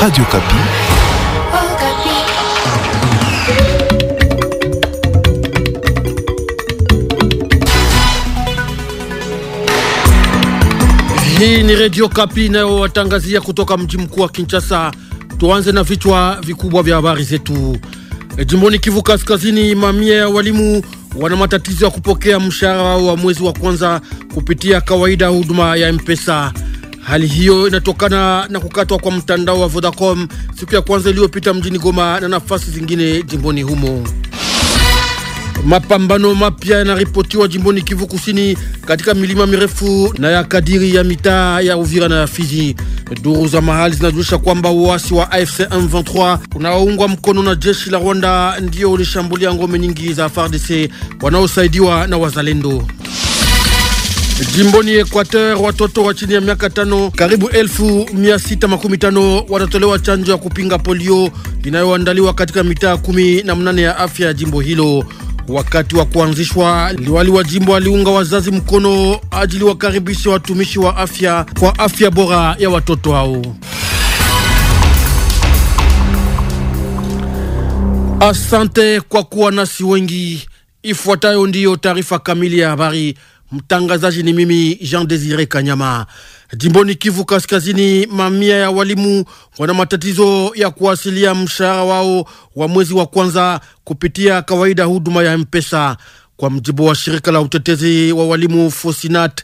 Radio Kapi. Hii ni Radio Kapi inayowatangazia kutoka mji mkuu wa Kinshasa. Tuanze na vichwa vikubwa vya habari zetu. E, jimboni Kivu Kaskazini, mamia ya walimu wana matatizo ya kupokea mshahara wao wa mwezi wa kwanza kupitia kawaida huduma ya M-Pesa. Hali hiyo inatokana na kukatwa kwa mtandao wa Vodacom siku ya kwanza iliyopita mjini Goma na nafasi zingine jimboni humo. Mapambano mapya yanaripotiwa jimboni Kivu Kusini katika milima mirefu na ya kadiri ya mitaa ya Uvira na ya Fizi. Duru za mahali zinajulisha kwamba uasi wa AFC M23 unaoungwa mkono na jeshi la Rwanda ndio ulishambulia ngome nyingi za FARDC wanaosaidiwa na wazalendo. Jimboni Equateur, watoto wa chini ya miaka tano karibu elfu mia sita makumi tano watatolewa chanjo ya kupinga polio inayoandaliwa katika mitaa kumi na mnane ya afya ya jimbo hilo. Wakati wa kuanzishwa, liwali wa jimbo aliunga wazazi mkono ajili wakaribishe watumishi wa afya kwa afya bora ya watoto hao. Asante kwa kuwa nasi wengi. Ifuatayo ndiyo taarifa kamili ya habari. Mtangazaji ni mimi Jean Desire Kanyama. Jimboni Kivu Kaskazini, mamia ya walimu wana matatizo ya kuwasilia mshahara wao wa mwezi wa kwanza kupitia kawaida huduma ya Mpesa, kwa mjibu wa shirika la utetezi wa walimu Fosinat.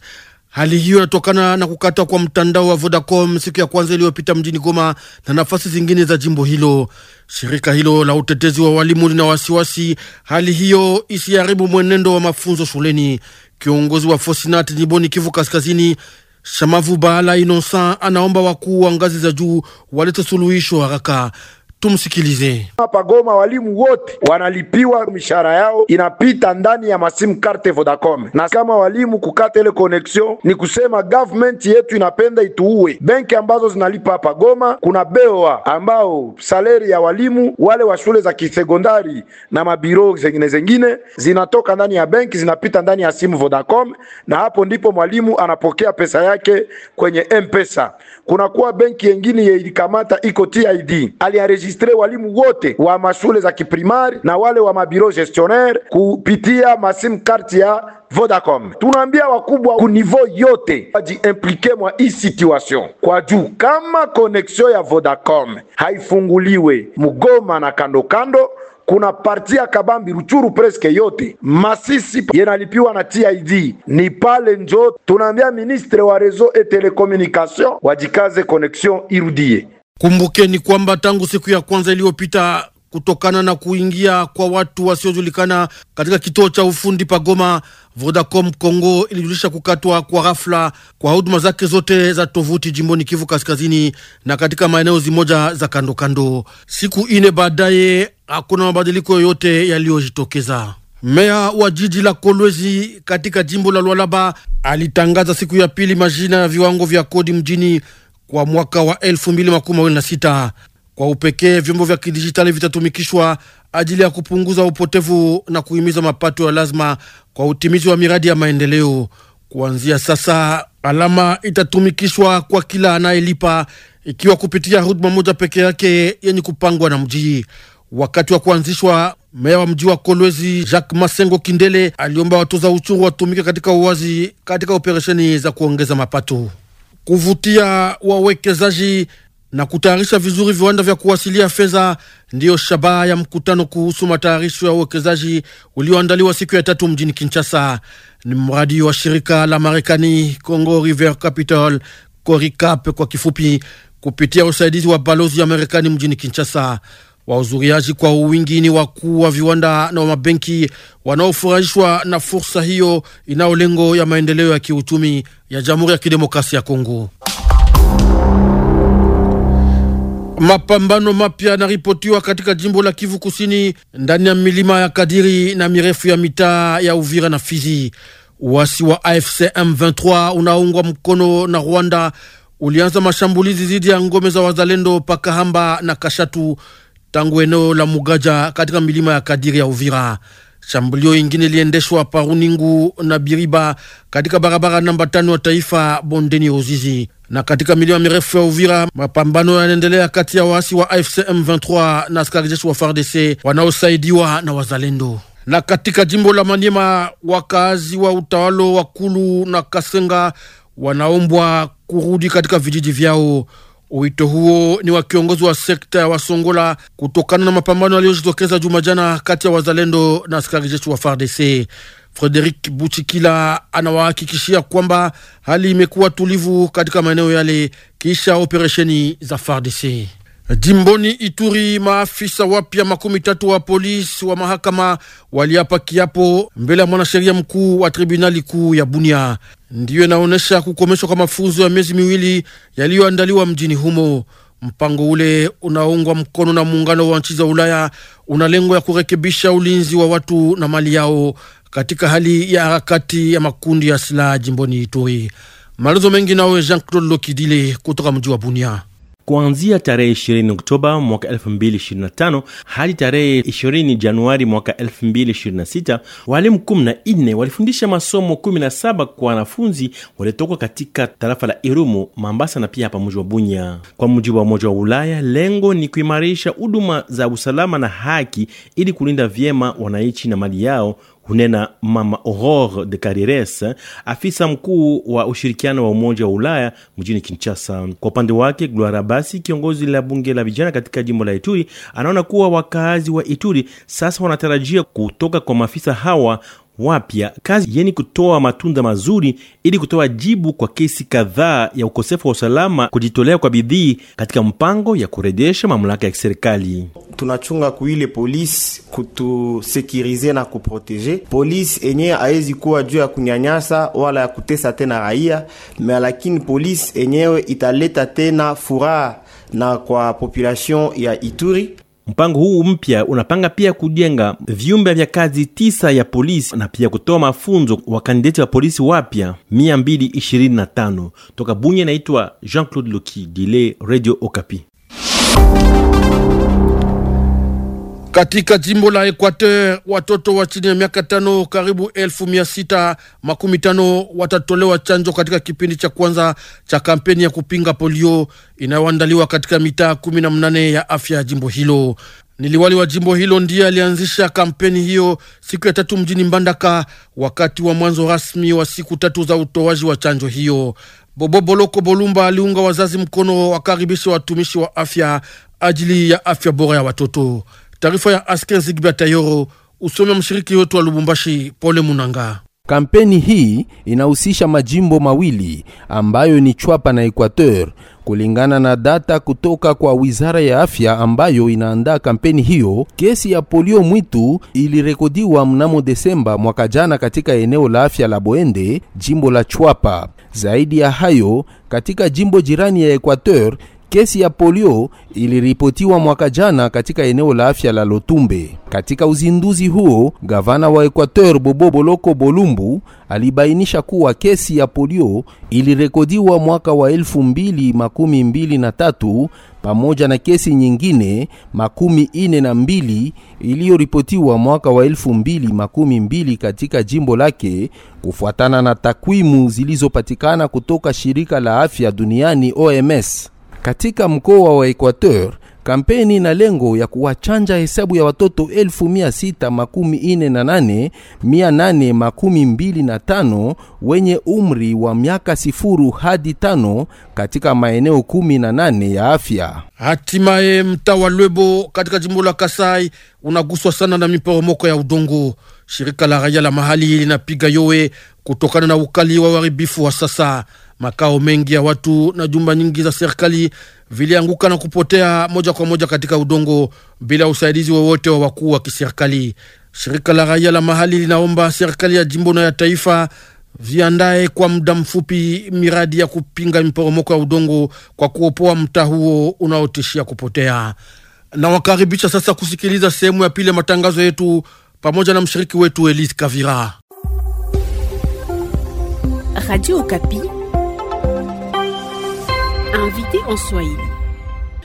Hali hiyo inatokana na kukata kwa mtandao wa Vodacom siku ya kwanza iliyopita mjini Goma na nafasi zingine za jimbo hilo. Shirika hilo la utetezi wa walimu lina wasiwasi hali hiyo isiharibu mwenendo wa mafunzo shuleni. Kiongozi wa Fosinat jimboni Kivu Kaskazini, Shamavu Bahala Inosa, anaomba wakuu wa ngazi za juu walete suluhisho haraka. Tumsikilize. Hapa Goma walimu wote wanalipiwa mishahara yao inapita ndani ya masimu carte Vodacom, na kama walimu kukata ile connection ni kusema government yetu inapenda ituue. Benki ambazo zinalipa hapa Goma kuna bewa ambao saleri ya walimu wale wa shule za kisekondari na mabiro zengine zengine zinatoka ndani ya benki zinapita ndani ya simu Vodacom, na hapo ndipo mwalimu anapokea pesa yake kwenye mpesa kunakuwa benki yengine yeilikamata iko TID, alienregistre walimu wote wa mashule za kiprimari na wale wa mabiro gestionnaire kupitia masim karti ya Vodacom. Tunaambia wakubwa ku niveau yote wajiimplike mwa hii situation, kwa juu kama connection ya Vodacom haifunguliwe Mugoma na kandokando kando, kuna parti ya Kabambi, Ruchuru preske yote Masisi yenalipiwa na TID. Ni pale njo tunaambia ministre wa rezo et telecommunication wajikaze, connexion irudie. Kumbukeni kwamba tangu siku ya kwanza iliyopita kutokana na kuingia kwa watu wasiojulikana katika kituo cha ufundi Goma. Vodacom Congo ilijulisha kukatwa kwa ghafla kwa huduma zake zote za tovuti jimboni Kivu Kaskazini na katika maeneo zimoja za kando kando. Siku ine baadaye, hakuna mabadiliko yoyote yaliyojitokeza. Meya wa jiji la Kolwezi katika jimbo la Lualaba alitangaza siku ya pili majina ya viwango vya kodi mjini kwa mwaka wa 2026. Kwa upekee, vyombo vya kidijitali vitatumikishwa ajili ya kupunguza upotevu na kuhimiza mapato ya lazima kwa utimizi wa miradi ya maendeleo. Kuanzia sasa, alama itatumikishwa kwa kila anayelipa, ikiwa kupitia huduma moja peke yake yenye kupangwa na mji. Wakati wa kuanzishwa, meya wa mji wa Kolwezi Jacques Masengo Kindele aliomba watoza uchuru watumike katika uwazi katika operesheni za kuongeza mapato, kuvutia wawekezaji na kutayarisha vizuri viwanda vya kuwasilia fedha ndiyo shabaha ya mkutano kuhusu matayarisho ya uwekezaji ulioandaliwa siku ya tatu mjini Kinshasa. Ni mradi wa shirika la Marekani Congo River Capital, CORICAP kwa kifupi, kupitia usaidizi wa balozi ya Marekani mjini Kinshasa. Wahudhuriaji kwa wingi ni wakuu wa viwanda na wa mabenki wanaofurahishwa na fursa hiyo inayo lengo ya maendeleo ya kiuchumi ya Jamhuri ya Kidemokrasia ya Kongo. Mapambano mapya yanaripotiwa katika jimbo la Kivu Kusini ndani ya milima ya Kadiri na mirefu ya mitaa ya Uvira na Fizi. Uasi wa AFC M23 unaungwa mkono na Rwanda ulianza mashambulizi dhidi ya ngome za wazalendo Pakahamba na Kashatu tangu eneo la Mugaja katika milima ya Kadiri ya Uvira. Shambulio ingine liendeshwa Paruningu na Biriba katika barabara namba tano ya taifa bondeni Ruzizi na katika milima mirefu ya Uvira, mapambano yanaendelea kati ya waasi wa AFC M23 na askari jeshi wa FARDC wanaosaidiwa na wazalendo. Na katika jimbo la Manyema, wakazi wa utawalo wa Kulu na Kasenga wanaombwa kurudi katika vijiji vyao. Wito huo ni wa kiongozi wa sekta ya Wasongola kutokana na mapambano yaliyojitokeza Jumajana kati ya wazalendo na askari jeshi wa FARDC. Frederik Buchikila anawahakikishia kwamba hali imekuwa tulivu katika maeneo yale kisha operesheni za FARDC. Jimboni Ituri, maafisa wapya makumi tatu wa polisi wa mahakama waliapa kiapo mbele ya mwanasheria mkuu wa tribunali kuu ya Bunia. Ndiyo inaonyesha kukomeshwa kwa mafunzo ya miezi miwili yaliyoandaliwa mjini humo. Mpango ule unaungwa mkono na muungano wa nchi za Ulaya, una lengo ya kurekebisha ulinzi wa watu na mali yao katika hali ya harakati ya makundi ya silaha jimboni Ituri. Maelezo mengi nawe Jean Claude Lokidile kutoka mji wa Bunia. Kuanzia tarehe 20 Oktoba mwaka hadi tarehe 20 Januari mwaka 226 walimu 14 walifundisha masomo 17 kwa wanafunzi waliotoka katika tarafa la Irumu, Mambasa na pia hapa muji wa Bunya. Kwa mujibu wa Umoja wa Ulaya, lengo ni kuimarisha huduma za usalama na haki ili kulinda vyema wananchi na mali yao hunena Mama Aurore de carires afisa mkuu wa ushirikiano wa Umoja wa Ulaya mjini Kinshasa. Kwa upande wake, gloara Basi, kiongozi la bunge la vijana katika jimbo la Ituri, anaona kuwa wakaazi wa Ituri sasa wanatarajia kutoka kwa maafisa hawa wapya kazi yeni kutoa matunda mazuri ili kutoa jibu kwa kesi kadhaa ya ukosefu wa usalama, kujitolea kwa bidii katika mpango ya kurejesha mamlaka ya kiserikali. Tunachunga kuile polisi kutusekirize na kuproteje polisi enye aezi kuwa juu ya kunyanyasa wala ya kutesa tena raia me, lakini polisi enyewe italeta tena furaha na kwa population ya Ituri Mpango huu mpya unapanga pia kujenga vyumba vya kazi tisa ya polisi na pia kutoa mafunzo wa kandidati wa polisi wapya 225 toka Bunye. Naitwa Jean-Claude Loki Dile, Radio Okapi. Katika jimbo la Equateur watoto wa chini ya miaka tano karibu elfu mia sita makumi tano watatolewa chanjo katika kipindi cha kwanza cha kampeni ya kupinga polio inayoandaliwa katika mitaa kumi na mnane ya afya ya jimbo hilo. niliwali wa jimbo hilo ndiye alianzisha kampeni hiyo siku ya tatu mjini Mbandaka, wakati wa mwanzo rasmi wa siku tatu za utoaji wa chanjo hiyo. Bobo Boloko Bolumba aliunga wazazi mkono, wakaribisha watumishi wa afya ajili ya afya bora ya watoto. Taarifa ya Askezi Gibatayoro, usomi wa mshiriki wetu wa Lubumbashi, Pole Munanga. Kampeni hii inahusisha majimbo mawili ambayo ni Chwapa na Equateur. Kulingana na data kutoka kwa Wizara ya Afya ambayo inaandaa kampeni hiyo, kesi ya polio mwitu ilirekodiwa mnamo Desemba mwaka jana katika eneo la afya la Boende, jimbo la Chwapa. Zaidi ya hayo, katika jimbo jirani ya Equateur Kesi ya polio iliripotiwa mwaka jana katika eneo la afya la Lotumbe. Katika uzinduzi huo, gavana wa Equateur Bobo Boloko Bolumbu alibainisha kuwa kesi ya polio ilirekodiwa mwaka wa elfu mbili makumi mbili na tatu pamoja na kesi nyingine makumi ine na mbili iliyoripotiwa mwaka wa elfu mbili makumi mbili katika jimbo lake kufuatana na takwimu zilizopatikana kutoka shirika la afya duniani OMS. Katika mkoa wa Equateur kampeni na lengo ya kuwachanja hesabu ya watoto 648825 mia wenye umri wa miaka sifuru hadi tano katika maeneo 18 ya afya. Hatimaye mtaa wa Lwebo katika jimbo la Kasai unaguswa sana na miporomoko ya udongo. Shirika la raia la mahali linapiga yowe kutokana na ukali wa uharibifu wa sasa. Makao mengi ya watu na jumba nyingi za serikali vilianguka na kupotea moja kwa moja katika udongo bila usaidizi wowote wa wakuu wa kiserikali. Shirika la raia la mahali linaomba serikali ya jimbo na ya taifa viandae kwa muda mfupi miradi ya kupinga miporomoko ya udongo kwa kuopoa mtaa huo unaotishia kupotea. Nawakaribisha sasa kusikiliza sehemu ya pili ya matangazo yetu pamoja na mshiriki wetu Elise Kavira, Radio invité en Swahili.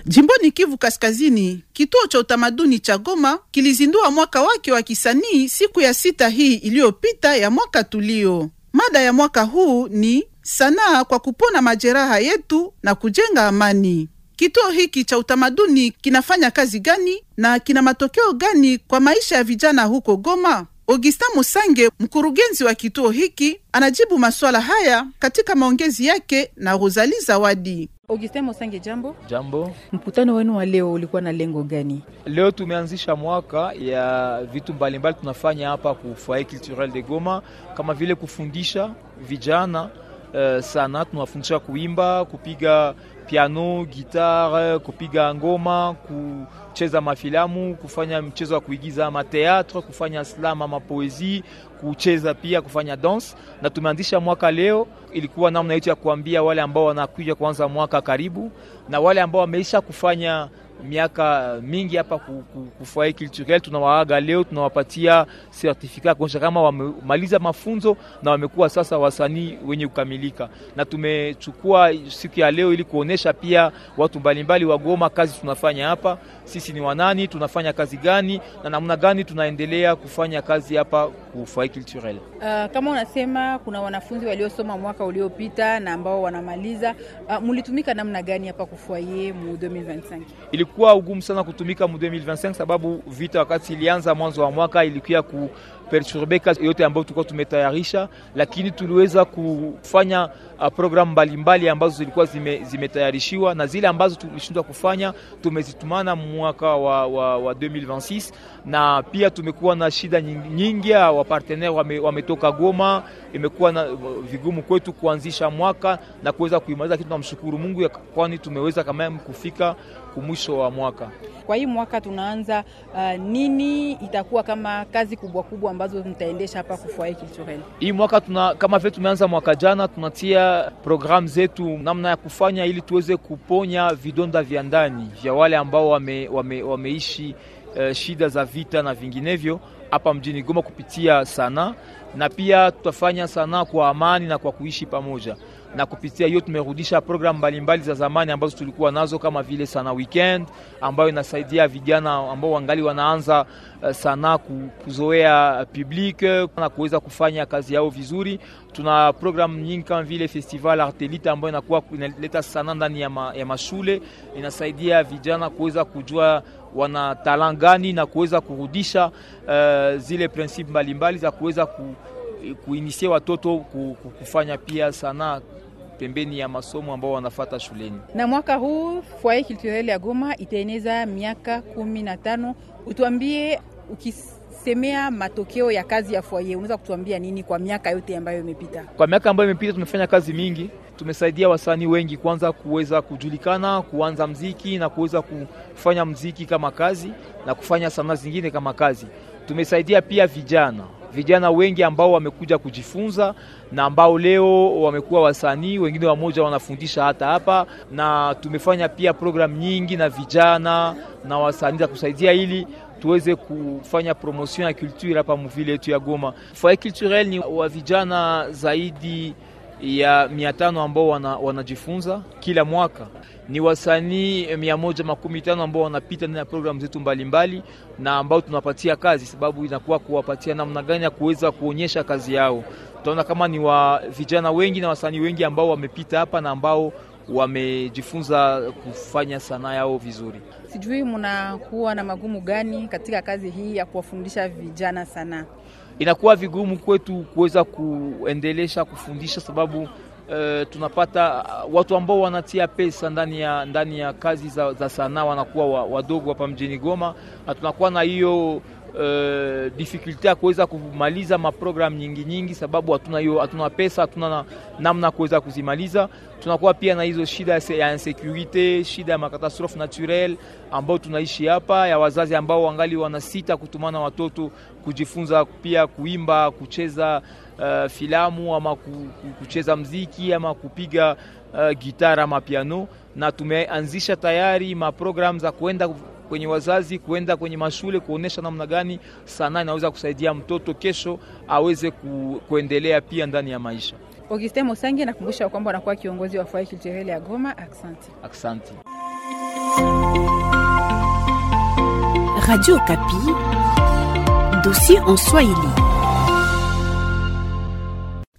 Jimboni Kivu Kaskazini, kituo cha utamaduni cha Goma kilizindua mwaka wake wa kisanii siku ya sita hii iliyopita ya mwaka tulio. Mada ya mwaka huu ni sanaa kwa kupona majeraha yetu na kujenga amani. Kituo hiki cha utamaduni kinafanya kazi gani na kina matokeo gani kwa maisha ya vijana huko Goma? Augustin Musange, mkurugenzi wa kituo hiki, anajibu maswala haya katika maongezi yake na rosali Zawadi. Augustin Mosange, jambo. Jambo. Mkutano wenu wa leo ulikuwa na lengo gani? Leo tumeanzisha mwaka ya vitu mbalimbali tunafanya hapa ku Foyer Culturel de Goma, kama vile kufundisha vijana uh, sana. Tunawafundisha kuimba, kupiga piano, gitare, kupiga ngoma ku kucheza mafilamu, kufanya mchezo wa kuigiza teatro, kufanya slam ama poezi, kucheza pia kufanya dance. Na tumeanzisha mwaka leo, ilikuwa namna yetu ya kuambia wale ambao wanakuja kuanza mwaka karibu, na wale ambao wameisha kufanya miaka mingi hapa kufuai culturel, tunawaaga leo, tunawapatia sertifika kuonyesha kama wamemaliza mafunzo na wamekuwa sasa wasanii wenye kukamilika. Na tumechukua siku ya leo ili kuonyesha pia watu mbalimbali wa Goma kazi tunafanya hapa, sisi ni wanani, tunafanya kazi gani na namna gani tunaendelea kufanya kazi hapa kufuai culturel. Uh, kama unasema kuna wanafunzi waliosoma mwaka uliopita na ambao wanamaliza, uh, mlitumika namna gani hapa kufuaye mu 2025? ilikuwa ugumu sana kutumika mu 2025 sababu vita wakati ilianza mwanzo wa mwaka ilikuwa ku kuperturbe kazi yote ambayo tulikuwa tumetayarisha, lakini tuliweza kufanya uh, programu mbalimbali ambazo zilikuwa zime, zimetayarishiwa na zile ambazo tulishindwa kufanya tumezitumana mwaka wa, wa, wa 2026 na pia tumekuwa na shida nyingi. Uh, Wapartenere partenaire wametoka Goma, imekuwa na uh, vigumu kwetu kuanzisha mwaka na kuweza kuimaliza, lakini tunamshukuru Mungu kwani tumeweza kama kufika kumwisho wa mwaka. Kwa hii mwaka tunaanza uh, nini itakuwa kama kazi kubwa kubwa ambazo mtaendesha hapa kufuai Culturel. Hii mwaka tuna kama vile tumeanza mwaka jana, tunatia programu zetu namna ya kufanya ili tuweze kuponya vidonda vya ndani vya wale ambao wame, wame, wameishi uh, shida za vita na vinginevyo hapa mjini Goma kupitia sanaa, na pia tutafanya sanaa kwa amani na kwa kuishi pamoja na kupitia hiyo tumerudisha programu mbalimbali za zamani ambazo tulikuwa nazo kama vile sana Weekend ambayo inasaidia vijana ambao wangali wanaanza eh, sana kuzoea public eh, na kuweza kufanya kazi yao vizuri. Tuna program nyingi kama vile Festival Artelite ambayo inakuwa inaleta sana ndani ya, ma, ya mashule inasaidia vijana kuweza kujua wana talent gani na kuweza kurudisha uh, zile prinsipe mbalimbali za kuweza ku Eh, kuinisie watoto kufanya pia sanaa pembeni ya masomo ambao wanafata shuleni. Na mwaka huu Foyer Culturel ya Goma itaeneza miaka kumi na tano. Utuambie, ukisemea matokeo ya kazi ya Foyer, unaweza kutuambia nini kwa miaka yote ambayo imepita? Kwa miaka ambayo imepita tumefanya kazi mingi, tumesaidia wasanii wengi kwanza kuweza kujulikana, kuanza mziki na kuweza kufanya mziki kama kazi na kufanya sanaa zingine kama kazi. Tumesaidia pia vijana vijana wengi ambao wamekuja kujifunza na ambao leo wamekuwa wasanii, wengine wamoja wanafundisha hata hapa, na tumefanya pia programu nyingi na vijana na wasanii za kusaidia ili tuweze kufanya promotion ya culture hapa muvile yetu ya Goma. Foyer culturel ni wa vijana zaidi ya mia tano ambao wana, wanajifunza kila mwaka. Ni wasanii mia moja makumi tano ambao wanapita ndani ya programu zetu mbalimbali na ambao tunawapatia kazi, sababu inakuwa kuwapatia namna gani ya kuweza kuonyesha kazi yao. tunaona kama ni wa vijana wengi na wasanii wengi ambao wamepita hapa na ambao wamejifunza kufanya sanaa yao vizuri. Sijui mnakuwa na magumu gani katika kazi hii ya kuwafundisha vijana sanaa? inakuwa vigumu kwetu kuweza kuendelesha kufundisha sababu eh, Uh, tunapata watu ambao wanatia pesa ndani ya, ndani ya kazi za, za sanaa wanakuwa wadogo wa hapa mjini Goma, na tunakuwa na hiyo uh, difficulty ya kuweza kumaliza maprogramu nyingi nyingi, sababu hatuna hiyo, hatuna pesa, hatuna namna kuweza kuzimaliza. Tunakuwa pia na hizo shida ya insecurity, shida ya makatastrofe naturel ambao tunaishi hapa, ya wazazi ambao wangali wanasita kutumana watoto kujifunza pia kuimba, kucheza uh, filamu ama kucheza mziki ama kupiga uh, eh, gitara ama piano, na tumeanzisha tayari maprogramu za kuenda kwenye wazazi kuenda kwenye mashule kuonesha namna gani sanaa inaweza kusaidia mtoto kesho aweze ku, kuendelea pia ndani ya maisha. Augustin Mosangi nakumbusha kwamba anakuwa kiongozi wa Foyer Culturel ya Goma. Aksanti, aksanti. Radio Kapi, dossier en Swahili.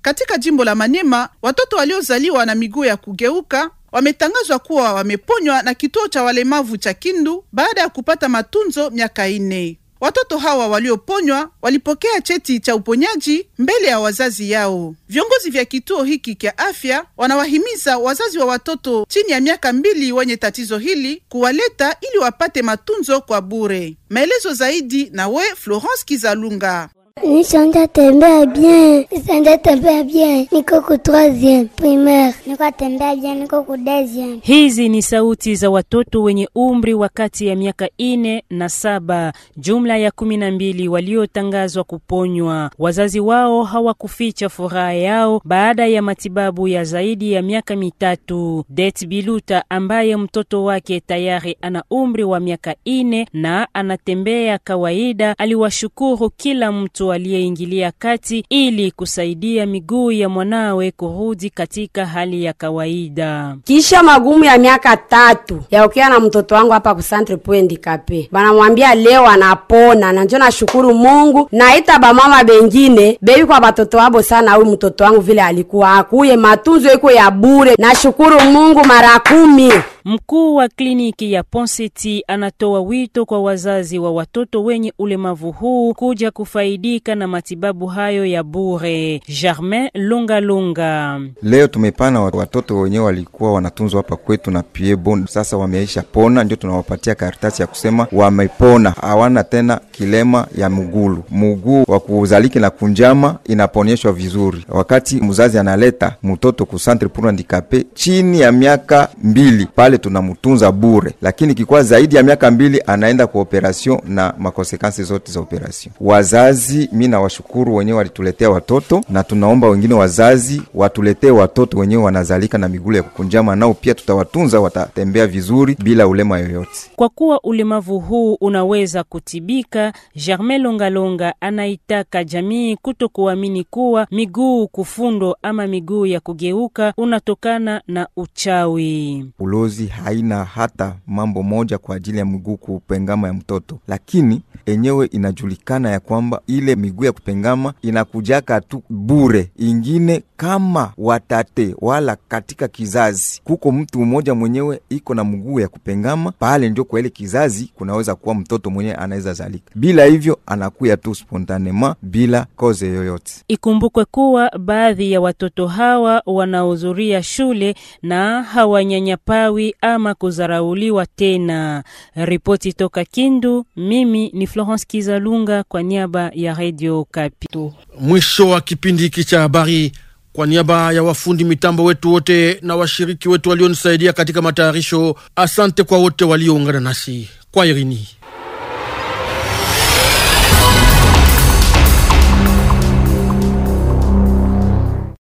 Katika jimbo la Manema, watoto waliozaliwa na miguu ya kugeuka wametangazwa kuwa wameponywa na kituo cha walemavu cha Kindu baada ya kupata matunzo miaka ine. Watoto hawa walioponywa walipokea cheti cha uponyaji mbele ya wazazi yao. Viongozi vya kituo hiki kya afya wanawahimiza wazazi wa watoto chini ya miaka mbili wenye tatizo hili kuwaleta ili wapate matunzo kwa bure. Maelezo zaidi nawe Florence Kizalunga. Nishandatembea bien, nishandatembea bien, niko ku troisieme primaire, niko tembea bien, niko ku deuxieme. Hizi ni sauti za watoto wenye umri wa kati ya miaka ine na saba, jumla ya kumi na mbili waliotangazwa kuponywa. Wazazi wao hawakuficha furaha yao baada ya matibabu ya zaidi ya miaka mitatu. Det Biluta ambaye mtoto wake tayari ana umri wa miaka ine na anatembea kawaida, aliwashukuru kila mtu aliyeingilia kati ili kusaidia miguu ya mwanawe kurudi katika hali ya kawaida. Kisha magumu ya miaka tatu yaokia na mtoto wangu hapa ku Centre Point Handicapé, banamwambia leo anapona, na njo nashukuru Mungu. Naita bamama bengine bebi kwa batoto wabo sana, huyu mtoto wangu vile alikuwa akuye matunzo iko ya bure, nashukuru Mungu mara kumi. Mkuu wa kliniki ya Ponseti anatoa wito kwa wazazi wa watoto wenye ulemavu huu kuja kufaidika na matibabu hayo ya bure. Germain Lunga Lunga: leo tumepana watoto wenyewe walikuwa wanatunzwa hapa kwetu na Piebon, sasa wameisha pona, ndio tunawapatia karatasi ya kusema wamepona, hawana tena kilema ya mugulu Mguu wa kuzaliki na kunjama inaponyeshwa vizuri. Wakati mzazi analeta mtoto ku centre pour handicapé chini ya miaka mbili pale pale tunamtunza bure, lakini kikuwa zaidi ya miaka mbili anaenda kwa operation na makonsekansi zote za operation. Wazazi, mi nawashukuru wenyewe walituletea watoto, na tunaomba wengine wazazi watuletee watoto wenyewe wanazalika na migulu ya kukunjama, nao pia tutawatunza, watatembea vizuri bila ulema yoyote, kwa kuwa ulemavu huu unaweza kutibika. Germain Longalonga anaitaka jamii kutokuamini kuwa miguu kufundo ama miguu ya kugeuka unatokana na uchawi ulozi hizi haina hata mambo moja kwa ajili ya miguu kupengama ya mtoto, lakini enyewe inajulikana ya kwamba ile miguu ya kupengama inakujaka tu bure. Ingine kama watate wala katika kizazi kuko mtu mmoja mwenyewe iko na mguu ya kupengama pale, ndio kwa ile kizazi kunaweza kuwa mtoto mwenyewe anaweza zalika bila hivyo, anakuya tu spontanema bila koze yoyote. Ikumbukwe kuwa baadhi ya watoto hawa wanahudhuria shule na hawanyanyapawi ama kuzarauliwa tena. Ripoti toka Kindu, mimi ni Florence Kizalunga kwa niaba ya Radio Kapi. Mwisho wa kipindi hiki cha habari, kwa niaba ya wafundi mitambo wetu wote na washiriki wetu walionisaidia katika matayarisho, asante kwa wote walioungana nasi kwa irini.